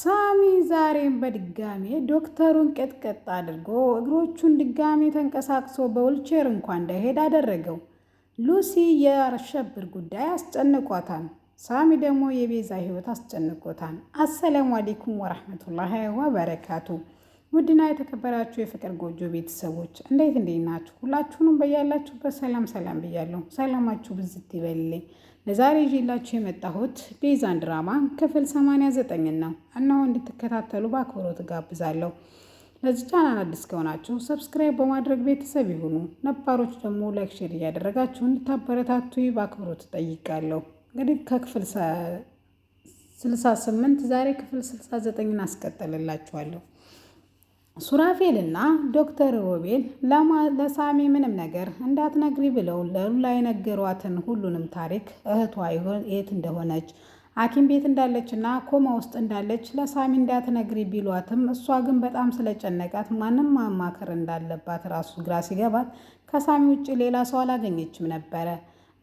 ሳሚ ዛሬም በድጋሜ ዶክተሩን ቅጥቅጥ አድርጎ እግሮቹን ድጋሜ ተንቀሳቅሶ በውልቼር እንኳን እንዳይሄድ አደረገው። ሉሲ የአሸብር ጉዳይ አስጨንቋታል። ሳሚ ደግሞ የቤዛ ህይወት አስጨንቆታል። አሰላሙ አሌይኩም ወረሕመቱላሂ ወበረካቱ። ውድና የተከበራችሁ የፍቅር ጎጆ ቤተሰቦች እንዴት እንዴት ናችሁ? ሁላችሁንም በያላችሁበት ሰላም ሰላም ብያለሁ። ሰላማችሁ ብዝት ይበልልኝ። ለዛሬ ይዤላችሁ የመጣሁት ቤዛን ድራማ ክፍል 89 ነው። እነሆ እንድትከታተሉ በአክብሮት ጋብዛለሁ። ለዚህ ቻናል አዲስ ከሆናችሁ ሰብስክራይብ በማድረግ ቤተሰብ ይሁኑ። ነባሮች ደግሞ ላይክ፣ ሼር እያደረጋችሁ እንድታበረታቱ በአክብሮት ጠይቃለሁ። እንግዲህ ከክፍል 68 ዛሬ ክፍል 69 አስቀጠልላችኋለሁ። ሱራፌልና ዶክተር ሮቤል ለሳሚ ምንም ነገር እንዳትነግሪ ብለው ለሉላ የነገሯትን ሁሉንም ታሪክ እህቷ የት እንደሆነች ሐኪም ቤት እንዳለችና ኮማ ውስጥ እንዳለች ለሳሚ እንዳትነግሪ ቢሏትም እሷ ግን በጣም ስለጨነቃት ማንም ማማከር እንዳለባት ራሱ ግራ ሲገባት ከሳሚ ውጭ ሌላ ሰው አላገኘችም ነበረ።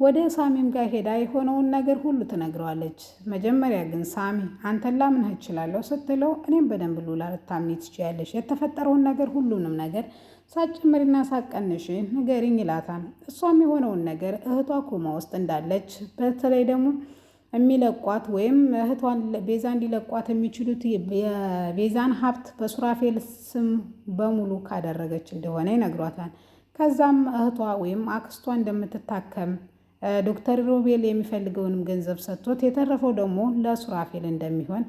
ወደ ሳሚም ጋር ሄዳ የሆነውን ነገር ሁሉ ትነግረዋለች። መጀመሪያ ግን ሳሚ አንተን ላምንህ እችላለሁ ስትለው እኔም በደንብ ሉላ ልታምኚ ትችያለሽ፣ የተፈጠረውን ነገር ሁሉንም ነገር ሳጨምሪና ሳቀንሽ ንገሪኝ ይላታል። እሷም የሆነውን ነገር እህቷ ኮማ ውስጥ እንዳለች በተለይ ደግሞ የሚለቋት ወይም እህቷን ቤዛ እንዲለቋት የሚችሉት የቤዛን ሀብት በሱራፌል ስም በሙሉ ካደረገች እንደሆነ ይነግሯታል። ከዛም እህቷ ወይም አክስቷ እንደምትታከም ዶክተር ሮቤል የሚፈልገውንም ገንዘብ ሰጥቶት የተረፈው ደግሞ ለሱራፌል እንደሚሆን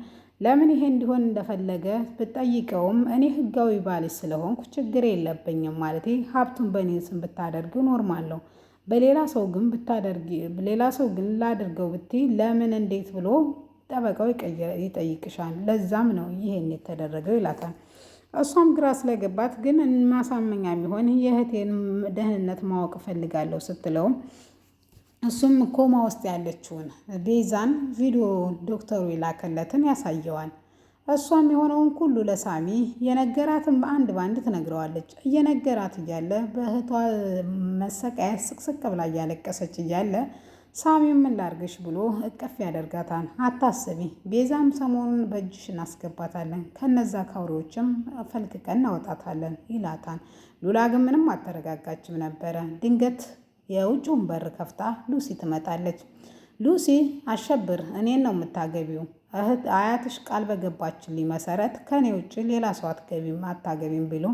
ለምን ይሄ እንዲሆን እንደፈለገ ብጠይቀውም እኔ ህጋዊ ባል ስለሆንኩ ችግር የለብኝም ማለት ሀብቱን በእኔ ስም ኖርማለው ኖርማል በሌላ ሰው ግን ብታደርጊ ሌላ ሰው ግን ላድርገው ብትይ ለምን እንዴት ብሎ ጠበቃው ይጠይቅሻል። ለዛም ነው ይሄን የተደረገው ይላታል። እሷም ግራ ስለገባት ግን ማሳመኛ የሚሆን የእህቴን ደህንነት ማወቅ እፈልጋለሁ ስትለውም እሱም ኮማ ውስጥ ያለችውን ቤዛን ቪዲዮ ዶክተሩ የላከለትን ያሳየዋል። እሷም የሆነውን ሁሉ ለሳሚ የነገራትን በአንድ በአንድ ትነግረዋለች። እየነገራት እያለ በእህቷ መሰቃየት ስቅስቅ ብላ እያለቀሰች እያለ ሳሚም ምን ላርግሽ ብሎ እቅፍ ያደርጋታል። አታስቢ፣ ቤዛም ሰሞኑን በእጅሽ እናስገባታለን፣ ከነዛ ካውሬዎችም ፈልቅቀን እናወጣታለን ይላታል። ሉላ ግን ምንም አልተረጋጋችም ነበረ ድንገት የውጭውን በር ከፍታ ሉሲ ትመጣለች። ሉሲ አሸብር እኔን ነው የምታገቢው እህት አያትሽ ቃል በገባችልኝ መሰረት ከኔ ውጭ ሌላ ሰው አትገቢም አታገቢም ብሎ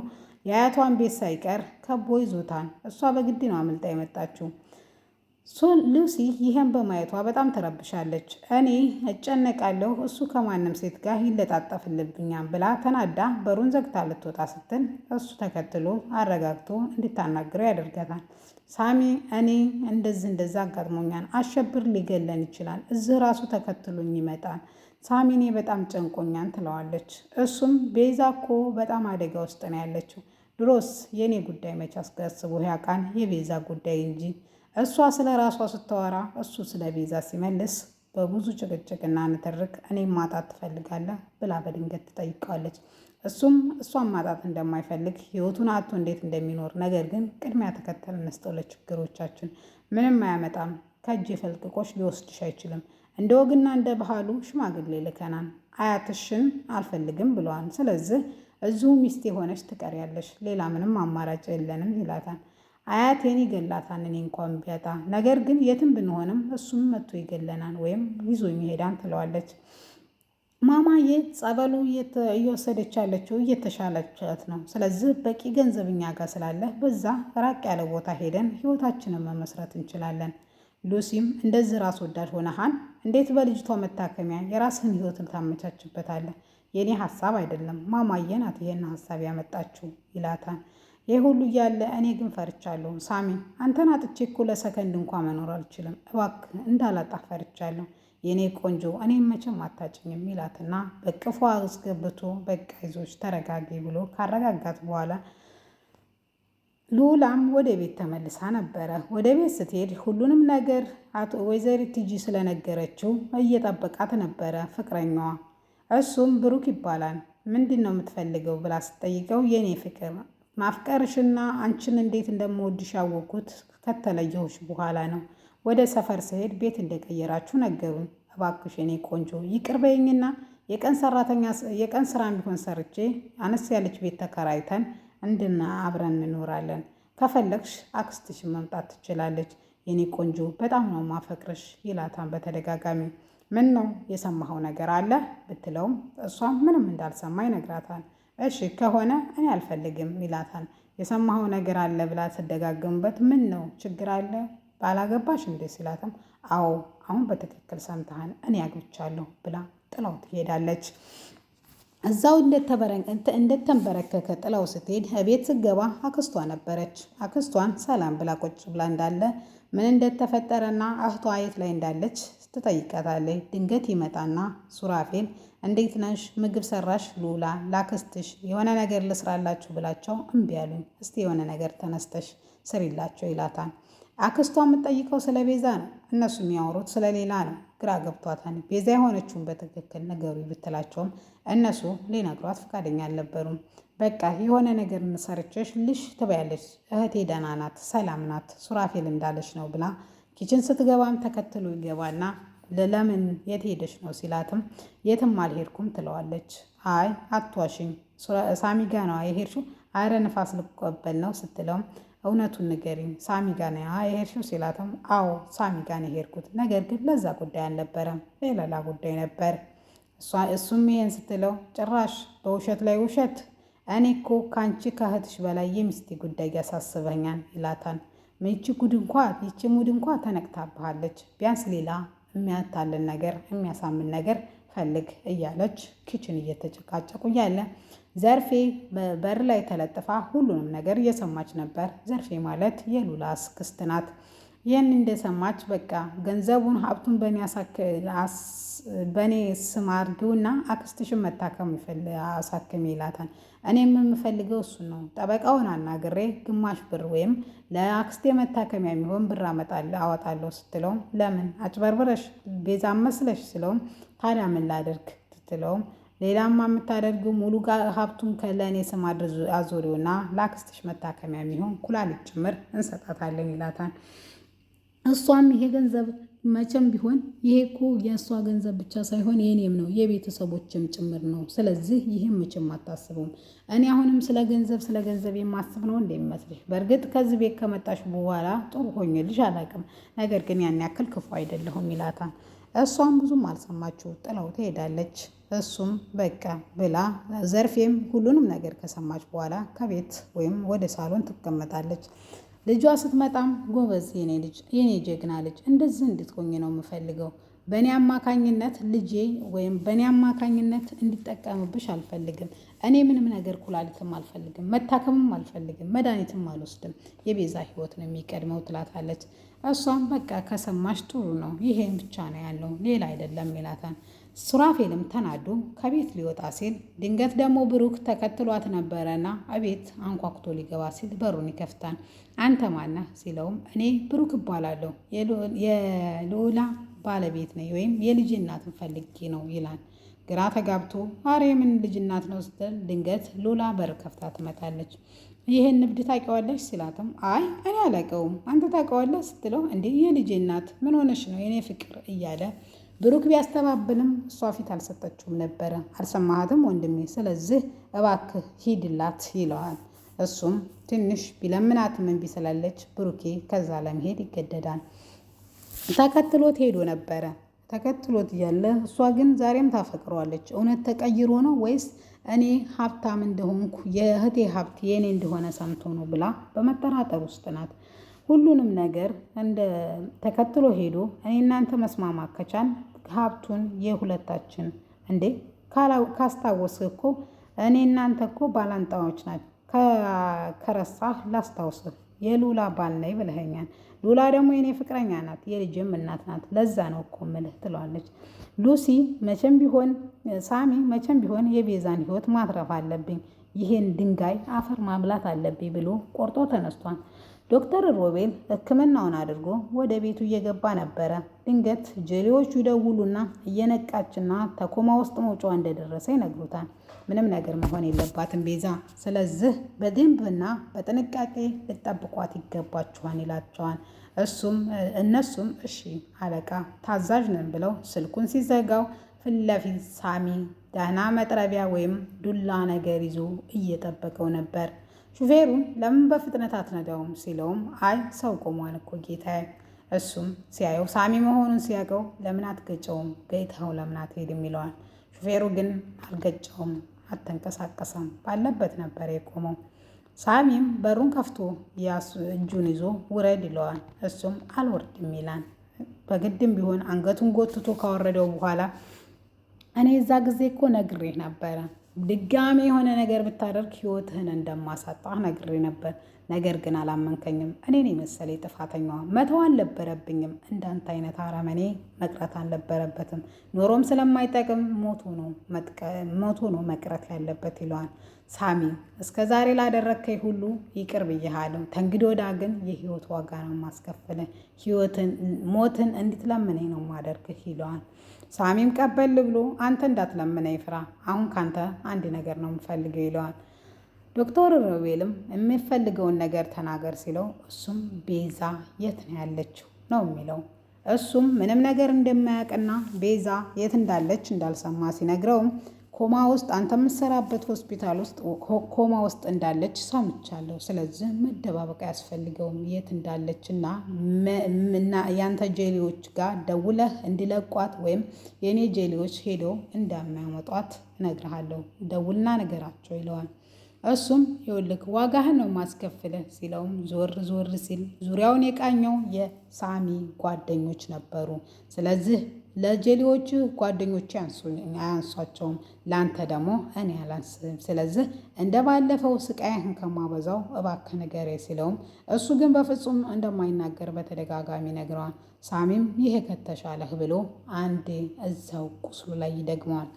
የአያቷን ቤት ሳይቀር ከቦ ይዞታል። እሷ በግድ ነው አምልጣ የመጣችው። ሉሲ ይህን በማየቷ በጣም ተረብሻለች። እኔ እጨነቃለሁ እሱ ከማንም ሴት ጋር ይለጣጠፍልብኛም ብላ ተናዳ በሩን ዘግታ ልትወጣ ስትል እሱ ተከትሎ አረጋግቶ እንድታናግረው ያደርጋታል። ሳሚ እኔ እንደዚህ እንደዛ አጋድሞኛል። አሸብር ሊገለን ይችላል፣ እዚህ ራሱ ተከትሎኝ ይመጣል፣ ሳሚ እኔ በጣም ጨንቆኛን ትለዋለች። እሱም ቤዛ እኮ በጣም አደጋ ውስጥ ነው ያለችው፣ ድሮስ የእኔ ጉዳይ መቼ አስገስቡ ያውቃል የቤዛ ጉዳይ እንጂ እሷ ስለ ራሷ ስታወራ እሱ ስለ ቤዛ ሲመልስ በብዙ ጭቅጭቅና ንትርክ እኔም ማጣት ትፈልጋለህ ብላ በድንገት ትጠይቀዋለች። እሱም እሷን ማጣት እንደማይፈልግ ህይወቱን አቶ እንዴት እንደሚኖር ነገር ግን ቅድሚያ ተከተል እንስጠው ለችግሮቻችን። ምንም አያመጣም፣ ከእጅ ፈልቅቆሽ ሊወስድሽ አይችልም። እንደ ወግና እንደ ባህሉ ሽማግሌ ልከናል። አያትሽን አልፈልግም ብለዋል። ስለዚህ እዚሁ ሚስት የሆነች ትቀሪያለሽ፣ ሌላ ምንም አማራጭ የለንም ይላታል። አያቴን ይገላታል እኔ እንኳን ቢያጣ ነገር ግን የትም ብንሆንም እሱም መጥቶ ይገለናል ወይም ይዞ የሚሄዳን ትለዋለች። ማማዬ ጸበሉ እየወሰደች ያለችው እየተሻለቻት ነው። ስለዚህ በቂ ገንዘብ እኛ ጋር ስላለ በዛ ራቅ ያለ ቦታ ሄደን ህይወታችንን መመስረት እንችላለን። ሉሲም እንደዚህ ራስ ወዳድ ሆነሃን እንዴት በልጅቷ መታከሚያ የራስህን ህይወትን ታመቻችበታለህ? የእኔ ሀሳብ አይደለም ማማዬ ናት ይህን ሀሳብ ያመጣችው ይላታል። ይህ ሁሉ እያለ እኔ ግን ፈርቻለሁ። ሳሚ አንተን አጥቼ እኮ ለሰከንድ እንኳ መኖር አልችልም። እባክህ እንዳላጣ ፈርቻለሁ። የእኔ ቆንጆ እኔም መቼም አታጭኝም ይላትና በቅፏ አስገብቶ በቃ ይዞች ተረጋጊ ብሎ ካረጋጋት በኋላ ሉላም ወደ ቤት ተመልሳ ነበረ። ወደ ቤት ስትሄድ ሁሉንም ነገር አቶ ወይዘሪት ቲጂ ስለነገረችው እየጠበቃት ነበረ ፍቅረኛዋ። እሱም ብሩክ ይባላል። ምንድን ነው የምትፈልገው ብላ ስትጠይቀው የእኔ ፍቅር ማፍቀርሽና አንቺን እንዴት እንደምወድሽ ያወቅኩት ከተለየሁሽ በኋላ ነው። ወደ ሰፈር ስሄድ ቤት እንደቀየራችሁ ነገሩኝ። እባክሽ እኔ ቆንጆ ይቅር የቀን ሰራተኛ የቀን ስራ ቢሆን ሰርቼ አነስ ያለች ቤት ተከራይተን እንድና አብረን እንኖራለን። ከፈለግሽ አክስትሽ መምጣት ትችላለች። የኔ ቆንጆ በጣም ነው ማፈቅርሽ ይላታን በተደጋጋሚ። ምን ነው የሰማኸው ነገር አለ ብትለውም እሷም ምንም እንዳልሰማ ይነግራታል። እሺ ከሆነ እኔ አልፈልግም ይላታል። የሰማኸው ነገር አለ ብላ ትደጋገሙበት። ምን ነው ችግር አለ ባላገባሽ እንዴ ሲላትም፣ አዎ አሁን በትክክል ሰምተሃን እኔ አግብቻለሁ ብላ ጥላው ትሄዳለች። እዛው እንደተንበረከከ ጥላው ስትሄድ ቤት ስገባ አክስቷ ነበረች። አክስቷን ሰላም ብላ ቁጭ ብላ እንዳለ ምን እንደተፈጠረና እህቷ የት ላይ እንዳለች ትጠይቃታለች። ድንገት ይመጣና ሱራፌል እንዴት ነሽ? ምግብ ሰራሽ? ሉላ ላክስትሽ የሆነ ነገር ልስራላችሁ ብላቸው እምቢ አሉኝ። እስቲ የሆነ ነገር ተነስተሽ ስሪላቸው ይላታል። አክስቷ የምትጠይቀው ስለ ቤዛ ነው፣ እነሱ የሚያወሩት ስለ ሌላ ነው። ግራ ገብቷታል። ቤዛ የሆነችውን በትክክል ነገሩ ብትላቸውም እነሱ ሊነግሯት ፈቃደኛ አልነበሩም። በቃ የሆነ ነገር ሰርቼሽ ልሽ ትበያለች፣ እህቴ ደህና ናት፣ ሰላም ናት፣ ሱራፌል እንዳለች ነው ብላ ኪችን ስትገባም ተከትሎ ይገባና ለለምን የት ነው ሲላትም የትም አልሄድኩም ትለዋለች። አይ አትዋሽኝ፣ ሳሚ ጋ ነዋ የሄድሽው። አረ ንፋስ ልቆበል ነው ስትለውም እውነቱን ንገሪኝ፣ ሳሚ ጋ የሄድሽው ሲላትም አዎ ሳሚ ጋ ነው የሄድኩት፣ ነገር ግን ለዛ ጉዳይ አልነበረም ሌላላ ጉዳይ ነበር። እሱም ይሄን ስትለው ጭራሽ በውሸት ላይ ውሸት፣ እኔ እኮ ከአንቺ ከእህትሽ በላይ የሚስቴ ጉዳይ ያሳስበኛል ይላታል። ይቺ ጉድ እንኳ ይቺ ሙድ እንኳ ተነቅታብሃለች፣ ቢያንስ ሌላ የሚያታልን ነገር የሚያሳምን ነገር ፈልግ እያለች ኪችን እየተጨቃጨቁ እያለ ዘርፌ በር ላይ ተለጥፋ ሁሉንም ነገር እየሰማች ነበር። ዘርፌ ማለት የሉላ አክስት ናት። ይህን እንደሰማች በቃ ገንዘቡን ሀብቱን በእኔ ስም አድርጊውና አክስትሽን መታከም ይፈል አሳክም ይላታል። እኔም የምፈልገው እሱን ነው። ጠበቃውን አናግሬ ግማሽ ብር ወይም ለአክስቴ መታከሚያ የሚሆን ብር አወጣለሁ ስትለውም፣ ለምን አጭበርብረሽ ቤዛ መስለሽ ስለውም ታዲያ ምን ላደርግ ስትለውም ሌላማ የምታደርገው ሙሉ ሀብቱን ከለእኔ ስም አዞሪውና ለአክስትሽ መታከሚያ የሚሆን ኩላሊት ጭምር እንሰጣታለን ይላታል። እሷም ይሄ ገንዘብ መቼም ቢሆን ይሄ እኮ የእሷ ገንዘብ ብቻ ሳይሆን የእኔም ነው፣ የቤተሰቦችም ጭምር ነው። ስለዚህ ይህም መቼም አታስበውም። እኔ አሁንም ስለ ገንዘብ ስለ ገንዘብ የማስብ ነው እንደሚመስልሽ። በእርግጥ ከዚህ ቤት ከመጣሽ በኋላ ጥሩ ሆኜልሽ አላውቅም፣ ነገር ግን ያን ያክል ክፉ አይደለሁም ይላታል። እሷም ብዙም አልሰማችሁ ጥለው ትሄዳለች። እሱም በቃ ብላ ዘርፌም ሁሉንም ነገር ከሰማች በኋላ ከቤት ወይም ወደ ሳሎን ትቀመጣለች። ልጇ ስትመጣም ጎበዝ የኔ ጀግና ልጅ እንደዚህ እንድትሆኝ ነው የምፈልገው። በእኔ አማካኝነት ልጄ ወይም በእኔ አማካኝነት እንዲጠቀምብሽ አልፈልግም። እኔ ምንም ነገር ኩላሊትም አልፈልግም፣ መታከምም አልፈልግም፣ መድኃኒትም አልወስድም። የቤዛ ህይወት ነው የሚቀድመው ትላታለች። እሷም በቃ ከሰማሽ ጥሩ ነው፣ ይሄ ብቻ ነው ያለው ሌላ አይደለም ይላታል። ሱራፌልም ተናዶ ከቤት ሊወጣ ሲል ድንገት ደግሞ ብሩክ ተከትሏት ነበረና አቤት አንኳኩቶ ሊገባ ሲል በሩን ይከፍታል። አንተ ማነህ ሲለውም እኔ ብሩክ እባላለሁ የልዑላ ባለቤት ነኝ ወይም የልጅ እናትን ፈልጌ ነው ይላል። ግራ ተጋብቶ አሬ የምን ልጅ እናት ነው ስትል ድንገት ሉላ በር ከፍታ ትመጣለች። ይህን ንብድ ታውቂዋለሽ ሲላትም አይ እኔ አላውቀውም አንተ ታውቀዋለህ ስትለው እንዴ የልጅ እናት ምን ሆነሽ ነው የኔ ፍቅር እያለ ብሩክ ቢያስተባብልም እሷ ፊት አልሰጠችውም ነበረ። አልሰማሃትም ወንድሜ፣ ስለዚህ እባክህ ሂድላት ይለዋል። እሱም ትንሽ ቢለምናትም እምቢ ስላለች ብሩኬ ከዛ ለመሄድ ይገደዳል። ተከትሎት ሄዶ ነበረ። ተከትሎት እያለ እሷ ግን ዛሬም ታፈቅረዋለች። እውነት ተቀይሮ ነው ወይስ እኔ ሀብታም እንደሆንኩ የእህቴ ሀብት የእኔ እንደሆነ ሰምቶ ነው ብላ በመጠራጠር ውስጥ ናት። ሁሉንም ነገር እንደ ተከትሎ ሄዶ እኔ እናንተ መስማማት ከቻል ሀብቱን የሁለታችን እንዴ ካስታወስክ እኮ እኔ እናንተ እኮ ባላንጣዎች ናቸው። ከረሳህ ላስታውስህ የሉላ ባል ነኝ ብለኸኛል። ሉላ ደግሞ የኔ ፍቅረኛ ናት፣ የልጅም እናት ናት። ለዛ ነው እኮ ምልህ ትለዋለች ሉሲ። መቼም ቢሆን ሳሚ፣ መቼም ቢሆን የቤዛን ህይወት ማትረፍ አለብኝ ይህን ድንጋይ አፈር ማብላት አለብኝ ብሎ ቆርጦ ተነስቷል። ዶክተር ሮቤል ሕክምናውን አድርጎ ወደ ቤቱ እየገባ ነበረ። ድንገት ጀሌዎቹ ይደውሉና እየነቃችና ተኮማ ውስጥ መውጫዋ እንደደረሰ ይነግሩታል። ምንም ነገር መሆን የለባትም ቤዛ፣ ስለዚህ በደንብና በጥንቃቄ ልጠብቋት ይገባችኋል ይላቸዋል። እሱም እነሱም እሺ አለቃ ታዛዥ ነን ብለው ስልኩን ሲዘጋው ፊት ለፊት ሳሚ ደህና መጥረቢያ ወይም ዱላ ነገር ይዞ እየጠበቀው ነበር። ሹፌሩን ለምን በፍጥነት አትነዳውም ሲለውም አይ ሰው ቆሟል እኮ ጌታዬ። እሱም ሲያየው ሳሚ መሆኑን ሲያውቀው ለምን አትገጨውም ገይታው ለምን አትሄድም ይለዋል። ሹፌሩ ግን አልገጨውም፣ አልተንቀሳቀሰም፣ ባለበት ነበር የቆመው። ሳሚም በሩን ከፍቶ እጁን ይዞ ውረድ ይለዋል። እሱም አልወርድም ይላል። በግድም ቢሆን አንገቱን ጎትቶ ካወረደው በኋላ እኔ እዛ ጊዜ እኮ ነግሬ ነበረ ድጋሚ የሆነ ነገር ብታደርግ ህይወትህን እንደማሳጣህ ነግሬ ነበር። ነገር ግን አላመንከኝም። እኔን የመሰለ ጥፋተኛዋ መተው አልነበረብኝም። እንዳንተ አይነት አረመኔ መቅረት አልነበረበትም። ኖሮም ስለማይጠቅም ሞቶ ነው መቅረት ያለበት ይለዋል። ሳሚ እስከ ዛሬ ላደረግከኝ ሁሉ ይቅር ብያሃለሁ። ተንግዶዳ ግን የህይወት ዋጋ ነው የማስከፍልህ። ሞትን እንድትለምነኝ ነው ማደርግህ ይለዋል። ሳሚም ቀበል ብሎ አንተ እንዳትለምነ ይፍራ አሁን ካንተ አንድ ነገር ነው የምፈልገው ይለዋል። ዶክተር ሮቤልም የሚፈልገውን ነገር ተናገር ሲለው እሱም ቤዛ የት ነው ያለችው ነው የሚለው። እሱም ምንም ነገር እንደማያውቅና ቤዛ የት እንዳለች እንዳልሰማ ሲነግረውም ኮማ ውስጥ አንተ የምትሰራበት ሆስፒታል ውስጥ ኮማ ውስጥ እንዳለች ሰምቻለሁ። ስለዚህ መደባበቅ አያስፈልገውም። የት እንዳለች እና ያንተ ጄሌዎች ጋር ደውለህ እንዲለቋት ወይም የእኔ ጄሌዎች ሄደው እንዳሚያመጧት እነግርሃለሁ። ደውልና ነገራቸው ይለዋል። እሱም ይኸውልህ ዋጋህን ነው ማስከፍልህ ሲለውም ዞር ዞር ሲል ዙሪያውን የቃኘው የሳሚ ጓደኞች ነበሩ። ስለዚህ ለጀሌዎቹ ጓደኞች አያንሷቸውም፣ ለአንተ ደግሞ እኔ አላንስም። ስለዚህ እንደ ባለፈው ስቃይህን ከማበዛው እባክህ ንገረኝ ሲለውም እሱ ግን በፍጹም እንደማይናገር በተደጋጋሚ ነግረዋል። ሳሚም ይሄ ከተሻለህ ብሎ አንዴ እዛው ቁስሉ ላይ ይደግመዋል።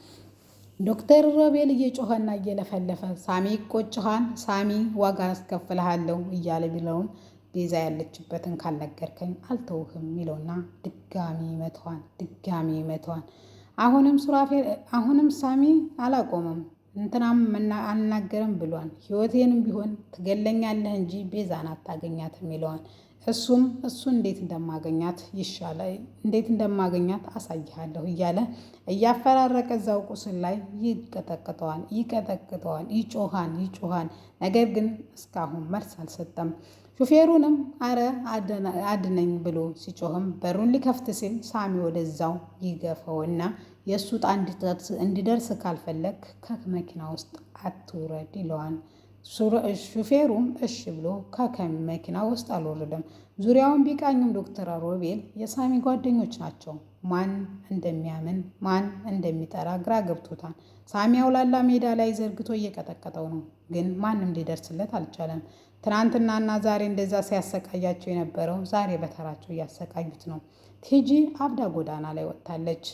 ዶክተር ሮቤል እየጮኸና እየለፈለፈ ሳሚ ቆጭኋን ሳሚ ዋጋ አስከፍልሃለሁ እያለ ቢለውም ቤዛ ያለችበትን ካልነገርከኝ አልተውህም ይለውና ድጋሚ መቷን ድጋሚ መቷን። አሁንም ሱራፌል አሁንም ሳሚ አላቆመም። እንትናም አልናገርም ብሏን ህይወቴንም ቢሆን ትገለኛለህ እንጂ ቤዛን አታገኛትም ይለዋል። እሱም እሱ እንዴት እንደማገኛት ይሻለ እንዴት እንደማገኛት አሳይሃለሁ እያለ እያፈራረቀ እዛው ቁስል ላይ ይቀጠቅጠዋል፣ ይቀጠቅጠዋል፣ ይጮሃን ይጮሃን። ነገር ግን እስካሁን መልስ አልሰጠም። ሹፌሩንም አረ አድነኝ ብሎ ሲጮህም በሩን ሊከፍት ሲል ሳሚ ወደዛው ይገፈውና የእሱ ጣ እንዲደርስ ካልፈለግ ከመኪና ውስጥ አትውረድ ይለዋል። ሹፌሩም እሽ ብሎ መኪና ውስጥ አልወረደም። ዙሪያውን ቢቃኝም ዶክተር አሮቤል የሳሚ ጓደኞች ናቸው። ማን እንደሚያምን ማን እንደሚጠራ ግራ ገብቶታል። ሳሚ አውላላ ሜዳ ላይ ዘርግቶ እየቀጠቀጠው ነው፣ ግን ማንም ሊደርስለት አልቻለም። ትናንትናና ዛሬ እንደዛ ሲያሰቃያቸው የነበረው ዛሬ በተራቸው እያሰቃዩት ነው። ቲጂ አብዳ ጎዳና ላይ ወጥታለች።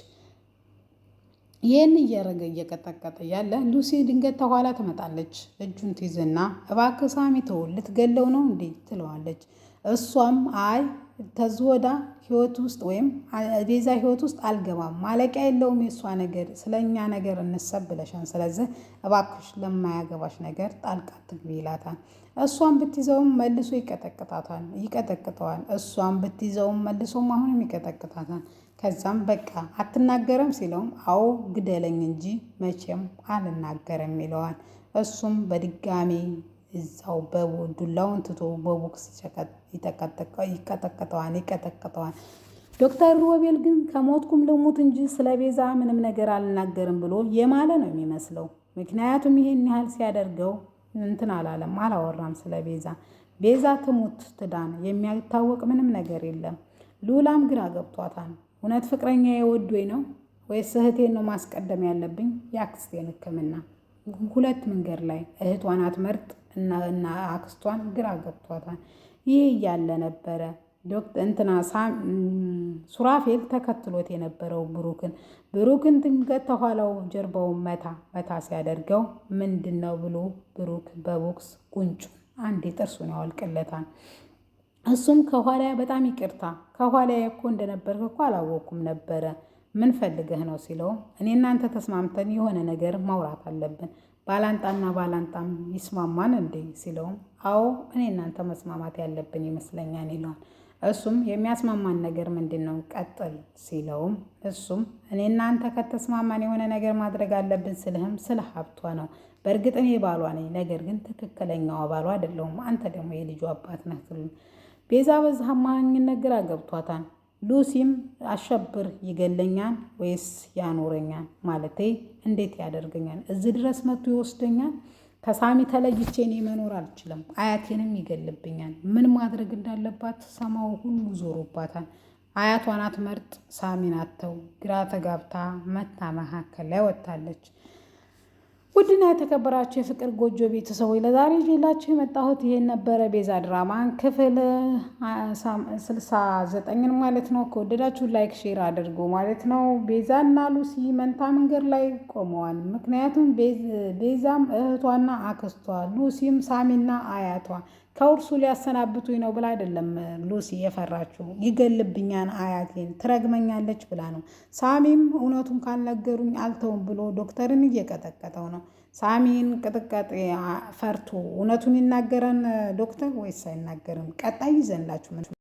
ይህን እያረገ እየቀጠቀጠ ያለ ሉሲ ድንገት ተኋላ ትመጣለች። እጁን ትይዝና እባክህ ሳሚ ተው፣ ልትገለው ነው እንዴ ትለዋለች። እሷም አይ ተዝወዳ ወዳ ህይወት ውስጥ ወይም ቤዛ ህይወት ውስጥ አልገባም። ማለቂያ የለውም የእሷ ነገር። ስለ እኛ ነገር እንሰብ ብለሻን። ስለዚህ እባክሽ ለማያገባሽ ነገር ጣልቃ ትግቢ ይላታል። እሷን ብትይዘውም መልሶ ይቀጠቅጣታል ይቀጠቅጠዋል። እሷን ብትይዘውም መልሶም አሁንም ይቀጠቅጣታል። ከዛም በቃ አትናገረም ሲለውም አዎ ግደለኝ እንጂ መቼም አልናገረም ይለዋል። እሱም በድጋሚ እዛው በዱላውን ትቶ በቦክስ ይቀጠቅጠዋል ይቀጠቅጠዋል። ዶክተር ሮቤል ግን ከሞትኩም ልሙት እንጂ ስለ ቤዛ ምንም ነገር አልናገርም ብሎ የማለ ነው የሚመስለው። ምክንያቱም ይህን ያህል ሲያደርገው እንትን አላለም፣ አላወራም ስለ ቤዛ። ቤዛ ትሙት ትዳን፣ የሚያታወቅ ምንም ነገር የለም። ሉላም ግራ ገብቷታል። እውነት ፍቅረኛ የወዶኝ ነው ወይስ እህቴን ነው ማስቀደም ያለብኝ? የአክስቴን ሕክምና ሁለት መንገድ ላይ እህቷ ናት መርጥ እና አክስቷን ግራ ገብቷታል። ይህ እያለ ነበረ ዶክተር እንትና ሱራፌል ተከትሎት የነበረው ብሩክን ብሩክን ድንገት ተኋላው ጀርባው መታ መታ ሲያደርገው ምንድን ነው ብሎ ብሩክ በቦክስ ጉንጩ አንዴ ጥርሱን ያወልቅለታል። እሱም ከኋላ በጣም ይቅርታ ከኋላ እኮ እንደነበርክ እኮ አላወኩም ነበረ ምን ፈልገህ ነው ሲለው እኔ እናንተ ተስማምተን የሆነ ነገር ማውራት አለብን ባላንጣና ባላንጣም ይስማማን እንዴ ሲለውም አዎ እኔ እናንተ መስማማት ያለብን ይመስለኛል ይለዋል። እሱም የሚያስማማን ነገር ምንድን ነው ቀጥል ሲለውም እሱም እኔ እናንተ ከተስማማን የሆነ ነገር ማድረግ አለብን ስልህም ስለ ሀብቷ ነው። በእርግጥ እኔ ባሏ ነኝ፣ ነገር ግን ትክክለኛዋ ባሏ አይደለሁም። አንተ ደግሞ የልጁ አባት ነህ። ቤዛ በዛ አማኝነት ግራ ገብቷታል። ሉሲም አሸብር ይገለኛል ወይስ ያኖረኛል? ማለቴ እንዴት ያደርገኛል? እዚህ ድረስ መጥቶ ይወስደኛል? ከሳሚ ተለይቼ እኔ መኖር አልችልም፣ አያቴንም ይገልብኛል። ምን ማድረግ እንዳለባት ሰማው ሁሉ ዞሮባታል። አያቷን አትመርጥ፣ ሳሚን አተው ግራ ተጋብታ መታ መካከል ላይ ወጥታለች። ውድና የተከበራችሁ የፍቅር ጎጆ ቤተሰቦች ለዛሬ ይዤላችሁ የመጣሁት ይሄን ነበረ። ቤዛ ድራማን ክፍል ስልሳ ዘጠኝን ማለት ነው። ከወደዳችሁ ላይክ፣ ሼር አድርጉ ማለት ነው። ቤዛና ሉሲ መንታ መንገድ ላይ ቆመዋል። ምክንያቱም ቤዛም እህቷና አክስቷ፣ ሉሲም ሳሚና አያቷ ከውርሱ ሊያሰናብቱኝ ነው ብላ አይደለም ሉሲ የፈራችው። ይገልብኛን አያቴን ትረግመኛለች ብላ ነው። ሳሚም እውነቱን ካልነገሩኝ አልተውም ብሎ ዶክተርን እየቀጠቀጠው ነው። ሳሚን ቅጥቀጥ ፈርቶ እውነቱን ይናገረን ዶክተር ወይስ አይናገርም? ቀጣይ ይዘንላችሁ